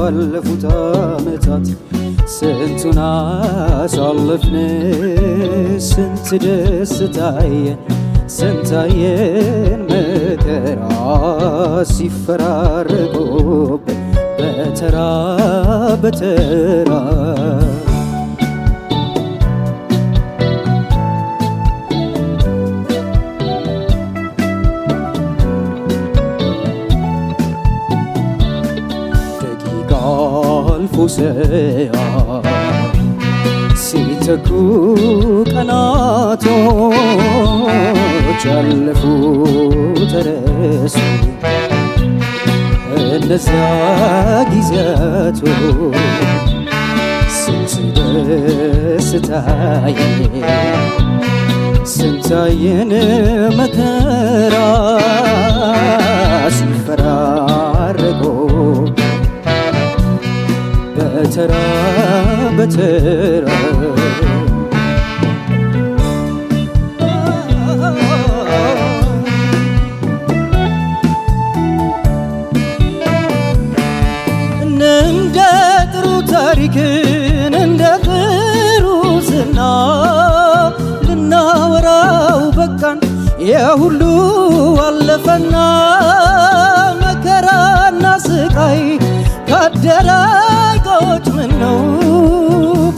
ባለፉት አመታት ስንቱን አሳለፍን፣ ስንት ደስታየ ስንታየን መከራ ሲፈራረቁብን በተራ በተራ ሙሴያ ሲተኩ ቀናቶች ያለፉ ተረሱ እነዚያ ጊዜያቶች ስንት ደስታዬ ስንታየን መከራ ተራ በተራ እንደ ጥሩ ታሪክን እንደ ጥሩ ዝና ልናወራው በቃን የሁሉ አለፈና መከራና ስቃይ ካደራ ወጣቶች ምነው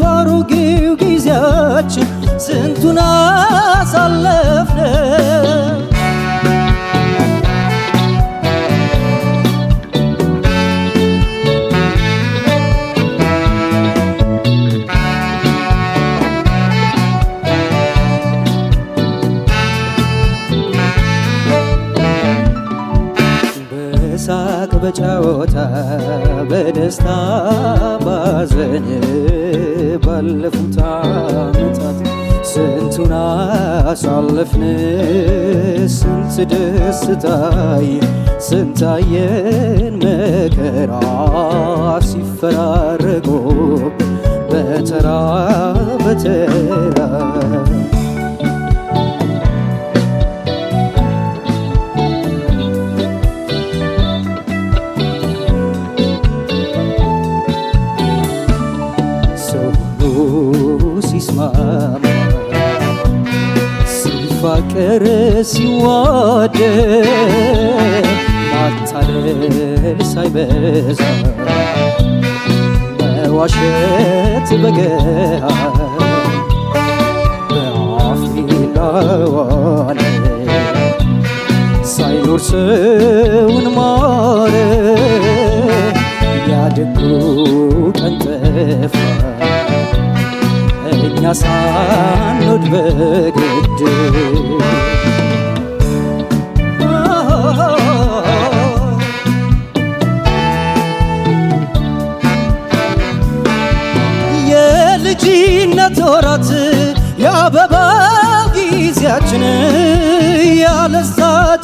ባሮጌው ጊዜያችን ስንቱን አሳለፍን። በሳቅ በጨዋታ በደስታ ያለፉት አመታት ስንቱን አሳለፍን፣ ስንት ደስታይ ስንታየን መከራ ሲፈራረቁ በተራ በተራ ልቡ ሲስማማ ሲፋቀር ሲዋደድ ማታለል ሳይበዛ መዋሸት በገሃድ በአፍላዋን ሳይኖር ሰውን ማረ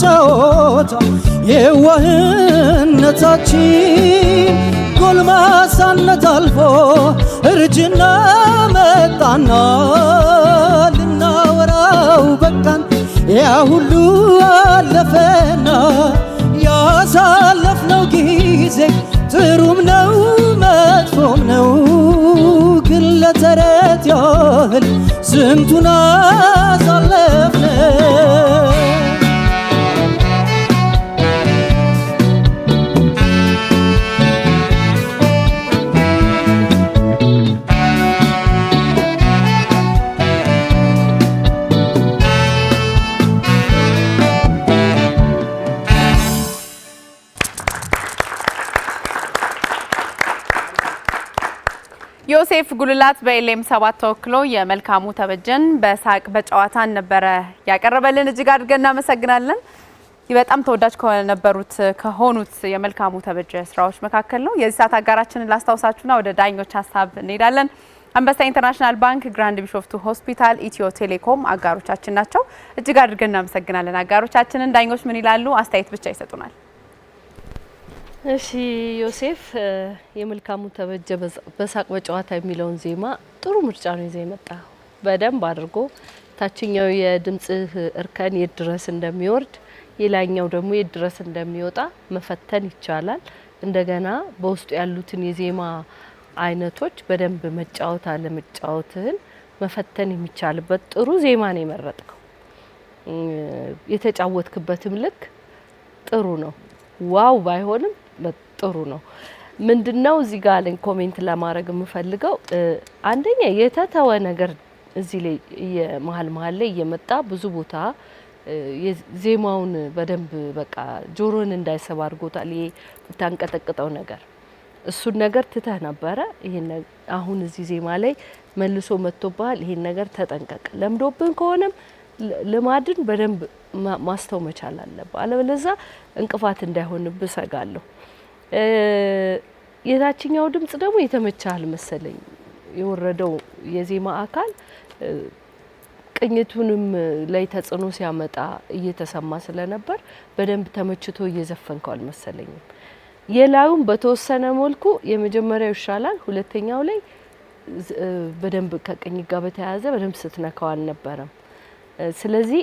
ተወታ የዋህነታችን ጎልማሳነት አልፎ እርጅና መጣና ልናወራው በቃን። ያ ሁሉ አለፈና ያሳለፍነው ጊዜ ጥሩም ነው መጥፎም ነው ግን ለተረት ያህል ስንቱን አሳለ ዮሴፍ ጉልላት በኤልኤም ሰባት ተወክሎ የመልካሙ ተበጀን በሳቅ በጨዋታን ነበረ ያቀረበልን። እጅግ አድርገን እናመሰግናለን። በጣም ተወዳጅ ከነበሩት ከሆኑት የመልካሙ ተበጀ ስራዎች መካከል ነው። የዚህ ሰዓት አጋራችንን ላስታውሳችሁና ወደ ዳኞች ሀሳብ እንሄዳለን። አንበሳ ኢንተርናሽናል ባንክ፣ ግራንድ ቢሾፍቱ ሆስፒታል፣ ኢትዮ ቴሌኮም አጋሮቻችን ናቸው። እጅግ አድርገን እናመሰግናለን አጋሮቻችንን። ዳኞች ምን ይላሉ? አስተያየት ብቻ ይሰጡናል። እሺ ዮሴፍ የመልካሙ ተበጀ በሳቅ በጨዋታ የሚለውን ዜማ ጥሩ ምርጫ ነው ይዘ የመጣ በደንብ አድርጎ ታችኛው የድምጽህ እርከን የት ድረስ እንደሚወርድ የላይኛው ደግሞ የት ድረስ እንደሚወጣ መፈተን ይቻላል። እንደገና በውስጡ ያሉትን የዜማ አይነቶች በደንብ መጫወት አለመጫወትህን መፈተን የሚቻልበት ጥሩ ዜማ ነው የመረጥከው። የተጫወትክበትም ልክ ጥሩ ነው። ዋው ባይሆንም ጥሩ ነው። ምንድን ነው እዚህ ጋር አለኝ ኮሜንት ለማድረግ የምፈልገው አንደኛ የተተወ ነገር እዚህ ላይ መሀል መሀል ላይ እየመጣ ብዙ ቦታ ዜማውን በደንብ በቃ ጆሮን እንዳይሰብ አድርጎታል። ይሄ የምታንቀጠቅጠው ነገር እሱን ነገር ትተህ ነበረ። አሁን እዚህ ዜማ ላይ መልሶ መጥቶብሃል። ይሄን ነገር ተጠንቀቅ። ለምዶብን ከሆነም ልማድን በደንብ ማስተው መቻል አለብህ። አለበለዚያ እንቅፋት እንዳይሆንብህ እሰጋለሁ። የታችኛው ድምጽ ደግሞ የተመቸ አልመሰለኝ። የወረደው የዜማ አካል ቅኝቱንም ላይ ተጽዕኖ ሲያመጣ እየተሰማ ስለነበር በደንብ ተመችቶ እየዘፈንከው አልመሰለኝም። የላዩም በተወሰነ መልኩ የመጀመሪያው ይሻላል። ሁለተኛው ላይ በደንብ ከቅኝት ጋር በተያያዘ በደንብ ስትነካው አልነበረም። ስለዚህ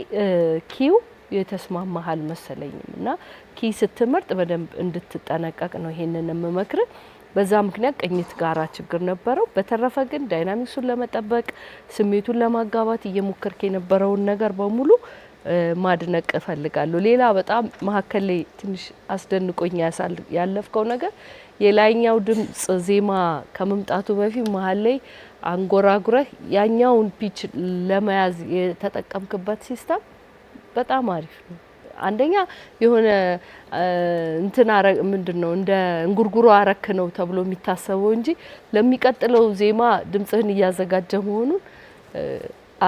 ኪው የተስማማሃል መሰለኝም እና ኪስ ስትመርጥ በደንብ እንድትጠነቀቅ ነው ይሄንን የምመክርን። በዛ ምክንያት ቅኝት ጋራ ችግር ነበረው። በተረፈ ግን ዳይናሚክሱን ለመጠበቅ ስሜቱን ለማጋባት እየሞከርክ የነበረውን ነገር በሙሉ ማድነቅ እፈልጋለሁ። ሌላ በጣም መሀከል ላይ ትንሽ አስደንቆኝ ያለፍከው ነገር የላይኛው ድምፅ ዜማ ከመምጣቱ በፊት መሀል ላይ አንጎራጉረህ ያኛውን ፒች ለመያዝ የተጠቀምክበት ሲስተም በጣም አሪፍ ነው። አንደኛ የሆነ እንትን ምንድን ነው እንደ እንጉርጉሮ አረክ ነው ተብሎ የሚታሰበው እንጂ ለሚቀጥለው ዜማ ድምጽህን እያዘጋጀ መሆኑን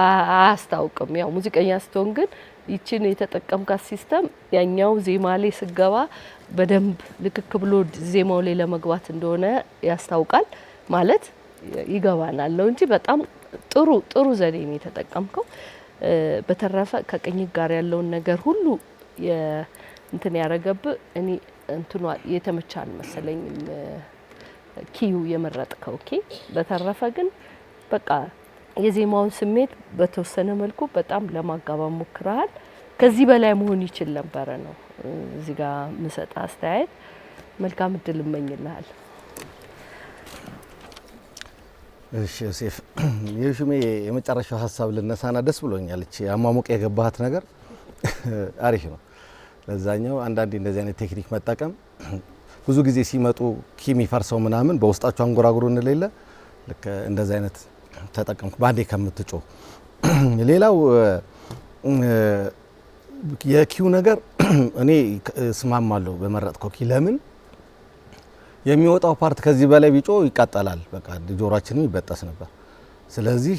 አያስታውቅም። ያው ሙዚቀኛ ስትሆን ግን ይችን የተጠቀምካት ሲስተም ያኛው ዜማ ላይ ስገባ በደንብ ልክክ ብሎ ዜማው ላይ ለመግባት እንደሆነ ያስታውቃል ማለት ይገባናል ነው እንጂ በጣም ጥሩ ጥሩ ዘዴ ነው የተጠቀምከው። በተረፈ ከቅኝ ጋር ያለውን ነገር ሁሉ እንትን ያረገብ እኔ እንትኗ የተመቻ አልመሰለኝም። ኪዩ የመረጥከው ኬ በተረፈ ግን በቃ የዜማውን ስሜት በተወሰነ መልኩ በጣም ለማጋባ ሞክረሃል። ከዚህ በላይ መሆን ይችል ነበረ ነው እዚህ ምሰጥ አስተያየት። መልካም እድል እመኝልሃል። እሺ ዮሴፍ የሹሜ የመጨረሻው ሀሳብ ልነሳና ደስ ብሎኛለች። አሟሙቅ የገባሃት ነገር አሪፍ ነው። ለዛኛው አንዳንዴ እንደዚህ አይነት ቴክኒክ መጠቀም ብዙ ጊዜ ሲመጡ ኪሚ ፈርሰው ምናምን በውስጣቸው አንጎራጉሮ እንደሌለ ልክ እንደዚህ አይነት ተጠቀምኩ ባንዴ ከምትጮ ሌላው የኪው ነገር እኔ እስማማለሁ በመረጥከው ኪ ለምን የሚወጣው ፓርት ከዚህ በላይ ቢጮ ይቃጠላል። በቃ ጆሯችንም ይበጠስ ነበር። ስለዚህ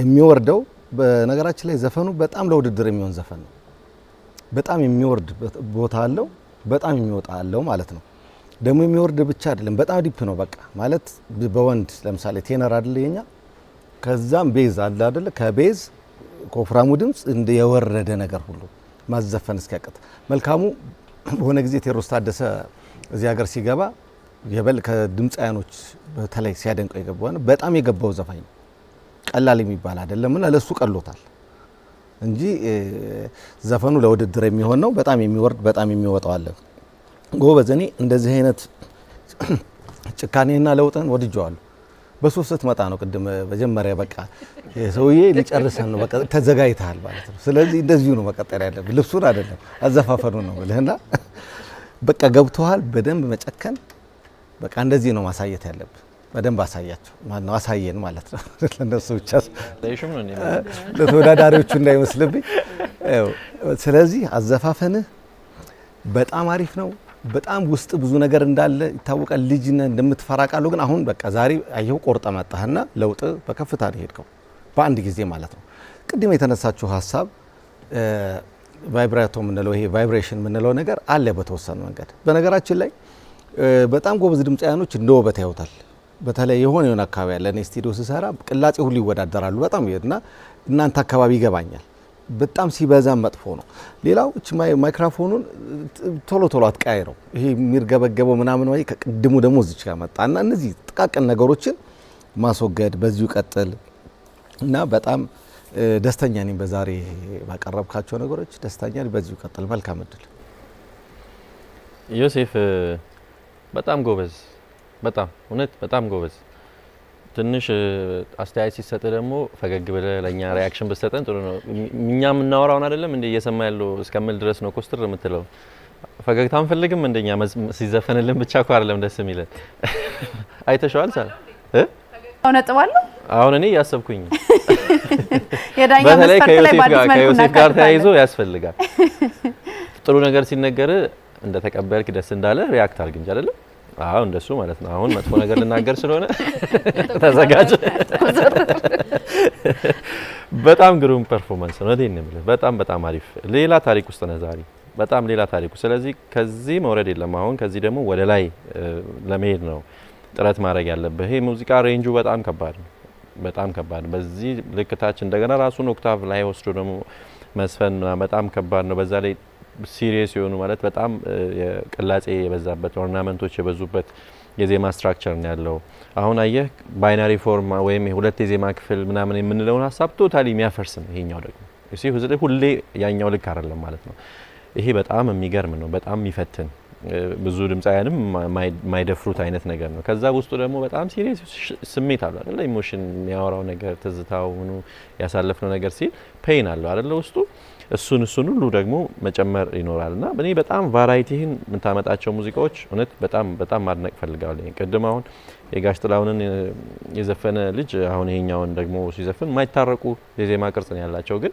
የሚወርደው በነገራችን ላይ ዘፈኑ በጣም ለውድድር የሚሆን ዘፈን ነው። በጣም የሚወርድ ቦታ አለው፣ በጣም የሚወጣ አለው ማለት ነው። ደግሞ የሚወርድ ብቻ አይደለም፣ በጣም ዲፕ ነው። በቃ ማለት በወንድ ለምሳሌ ቴነር አይደለ የኛ፣ ከዛም ቤዝ አለ አይደለ፣ ከቤዝ ኮፍራሙ ድምፅ እንደ የወረደ ነገር ሁሉ ማዘፈን እስኪያቀጥ መልካሙ በሆነ ጊዜ ቴዎድሮስ ታደሰ እዚህ ሀገር ሲገባ የበል ከድምፃያኖች በተለይ ሲያደንቀው የገባው በጣም የገባው ዘፋኝ ነው። ቀላል የሚባል አይደለም እና ለሱ ቀሎታል እንጂ ዘፈኑ ለውድድር የሚሆን ነው። በጣም የሚወርድ በጣም የሚወጣው አለ። ጎበዝ እኔ እንደዚህ አይነት ጭካኔና ለውጥን ወድጀዋለሁ። በሶስት ስትመጣ ነው ቅድም መጀመሪያ በቃ ሰውዬ ሊጨርሰን ነው በቃ ተዘጋጅተሃል ማለት ነው። ስለዚህ እንደዚሁ ነው መቀጠል ያለብህ። ልብሱን አይደለም አዘፋፈኑ ነው ብልህና በቃ ገብተዋል። በደንብ መጨከን በቃ እንደዚህ ነው ማሳየት ያለብን። በደንብ አሳያቸው ማነው አሳየን ማለት ነው። ለነሱ ብቻ ለተወዳዳሪዎቹ እንዳይመስልብኝ። ስለዚህ አዘፋፈንህ በጣም አሪፍ ነው። በጣም ውስጥ ብዙ ነገር እንዳለ ይታወቃል። ልጅ እንደምትፈራ ቃሉ ግን አሁን በቃ ዛሬ አየሁ ቆርጠ መጣህና ለውጥ በከፍታ ነው ሄድከው በአንድ ጊዜ ማለት ነው። ቅድም የተነሳችሁ ሀሳብ ቫይብራቶ የምንለው ይሄ ቫይብሬሽን የምንለው ነገር አለ በተወሰነ መንገድ በነገራችን ላይ በጣም ጎበዝ ድምፃያኖች እንደ ውበት ያውታል። በተለይ የሆነ የሆነ አካባቢ ያለ እኔ ስቱዲዮ ስሰራ ቅላጼ ሁሉ ይወዳደራሉ። በጣም ይሄድና እናንተ አካባቢ ይገባኛል። በጣም ሲበዛ መጥፎ ነው። ሌላው እች ማይክራፎኑን ቶሎ ቶሎ ነው ይሄ የሚርገበገበው ምናምን ወይ ከቅድሙ ደግሞ እዚች ጋር መጣ እና እነዚህ ጥቃቅን ነገሮችን ማስወገድ በዚሁ ቀጥል እና በጣም ደስተኛ ነኝ። በዛሬ ባቀረብካቸው ነገሮች ደስተኛ ነኝ። በዚሁ ቀጥል። መልካም እድል ዮሴፍ። በጣም ጎበዝ፣ በጣም እውነት፣ በጣም ጎበዝ። ትንሽ አስተያየት ሲሰጥ ደግሞ ፈገግ ብለ ለእኛ ሪያክሽን ብሰጠን ጥሩ ነው። እኛ የምናወራውን አይደለም እንደ እየሰማ ያለው እስከምል ድረስ ነው ኮስትር የምትለው። ፈገግታ አንፈልግም። እንደኛ ሲዘፈንልን ብቻ እኮ አይደለም ደስ የሚለን። አይተሸዋል ሳ እውነጥባለሁ አሁን እኔ እያሰብኩኝ በተለይ ከዮሴፍ ጋር ተያይዞ ያስፈልጋል ጥሩ ነገር ሲነገር እንደተቀበልክ ደስ እንዳለ ሪያክት አርግ እንጂ አይደለም። አዎ እንደሱ ማለት ነው። አሁን መጥፎ ነገር ልናገር ስለሆነ ተዘጋጅ። በጣም ግሩም ፐርፎርማንስ ነው። እኔ የምልህ በጣም በጣም አሪፍ። ሌላ ታሪክ ውስጥ ነህ ዛሬ፣ በጣም ሌላ ታሪክ ስለዚህ ከዚህ መውረድ የለም። አሁን ከዚህ ደግሞ ወደ ላይ ለመሄድ ነው ጥረት ማድረግ ያለብህ። ይሄ ሙዚቃ ሬንጁ በጣም ከባድ ነው፣ በጣም ከባድ ነው። በዚህ ልክታችን እንደገና ራሱን ኦክታቭ ላይ ወስዶ ደግሞ መስፈን በጣም ከባድ ነው። በዛ ላይ ሲሪየስ የሆኑ ማለት በጣም ቅላጼ የበዛበት ኦርናመንቶች የበዙበት የዜማ ስትራክቸር ነው ያለው። አሁን አየህ ባይናሪ ፎርም ወይም ሁለት የዜማ ክፍል ምናምን የምንለውን ሀሳብ ቶታሊ የሚያፈርስ ነው ይሄኛው። ደግሞ ሁሌ ያኛው ልክ አይደለም ማለት ነው። ይሄ በጣም የሚገርም ነው፣ በጣም የሚፈትን ብዙ ድምፃውያንም የማይደፍሩት አይነት ነገር ነው። ከዛ ውስጡ ደግሞ በጣም ሲሪየስ ስሜት አለው አደለ? ኢሞሽን የሚያወራው ነገር ትዝታው ምኑ ያሳለፍነው ነገር ሲል ፔይን አለው አደለ ውስጡ እሱን እሱን ሁሉ ደግሞ መጨመር ይኖራል እና እኔ በጣም ቫራይቲህን የምታመጣቸው ሙዚቃዎች እውነት በጣም በጣም ማድነቅ ፈልጋለሁ። ቅድም አሁን የጋሽ ጥላሁንን የዘፈነ ልጅ አሁን ይሄኛውን ደግሞ ሲዘፍን ማይታረቁ የዜማ ቅርጽ ነው ያላቸው፣ ግን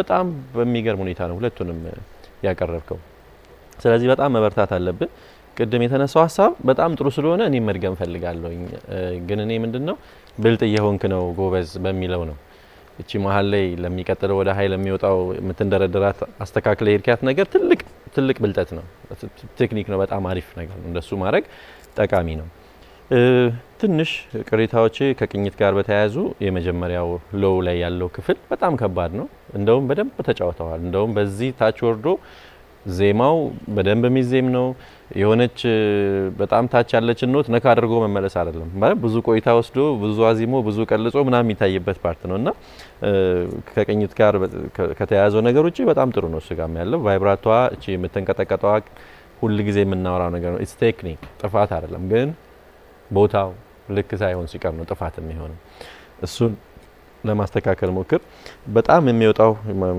በጣም በሚገርም ሁኔታ ነው ሁለቱንም ያቀረብከው። ስለዚህ በጣም መበርታት አለብን። ቅድም የተነሳው ሀሳብ በጣም ጥሩ ስለሆነ እኔም መድገም ፈልጋለሁኝ። ግን እኔ ምንድን ነው ብልጥ እየሆንክ ነው ጎበዝ በሚለው ነው እቺ መሀል ላይ ለሚቀጥለው ወደ ሀይል የሚወጣው የምትንደረደራት አስተካክለ ሄድኪያት ነገር ትልቅ ትልቅ ብልጠት ነው፣ ቴክኒክ ነው። በጣም አሪፍ ነገር ነው። እንደሱ ማድረግ ጠቃሚ ነው። ትንሽ ቅሬታዎች ከቅኝት ጋር በተያያዙ የመጀመሪያው ሎው ላይ ያለው ክፍል በጣም ከባድ ነው። እንደውም በደንብ ተጫውተዋል። እንደውም በዚህ ታች ወርዶ ዜማው በደንብ የሚዜም ነው። የሆነች በጣም ታች ያለች ኖት ነካ አድርጎ መመለስ አይደለም ማለት ብዙ ቆይታ ወስዶ ብዙ አዚሞ ብዙ ቀልጾ ምናም የሚታይበት ፓርት ነው እና ከቅኝት ጋር ከተያያዘው ነገር ውጭ በጣም ጥሩ ነው። እሱ ጋም ያለው ቫይብራቷ እቺ የምትንቀጠቀጠዋ ሁል ጊዜ የምናወራው ነገር ነው። ኢትስ ቴክኒክ ጥፋት አይደለም፣ ግን ቦታው ልክ ሳይሆን ሲቀር ነው ጥፋት የሚሆነው እሱን ለማስተካከል ሞክር። በጣም የሚወጣው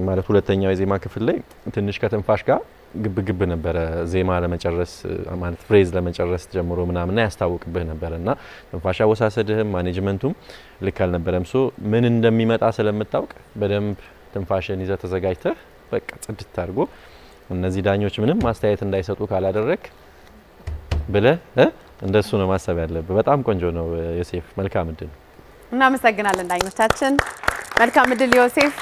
ማለት ሁለተኛው የዜማ ክፍል ላይ ትንሽ ከትንፋሽ ጋር ግብ ግብ ነበረ። ዜማ ለመጨረስ ማለት ፍሬዝ ለመጨረስ ጀምሮ ምናምና ያስታውቅብህ ነበረ እና ትንፋሽ አወሳሰድህም ማኔጅመንቱም ልክ አልነበረም። ሶ ምን እንደሚመጣ ስለምታውቅ በደንብ ትንፋሽን ይዘ ተዘጋጅተህ በቃ ጽድት አድርጎ እነዚህ ዳኞች ምንም ማስተያየት እንዳይሰጡ ካላደረግ ብለህ እንደሱ ነው ማሰብ ያለብህ። በጣም ቆንጆ ነው። ዮሴፍ መልካም እድል እናመሰግናለን ዳኞቻችን። መልካም እድል ዮሴፍ።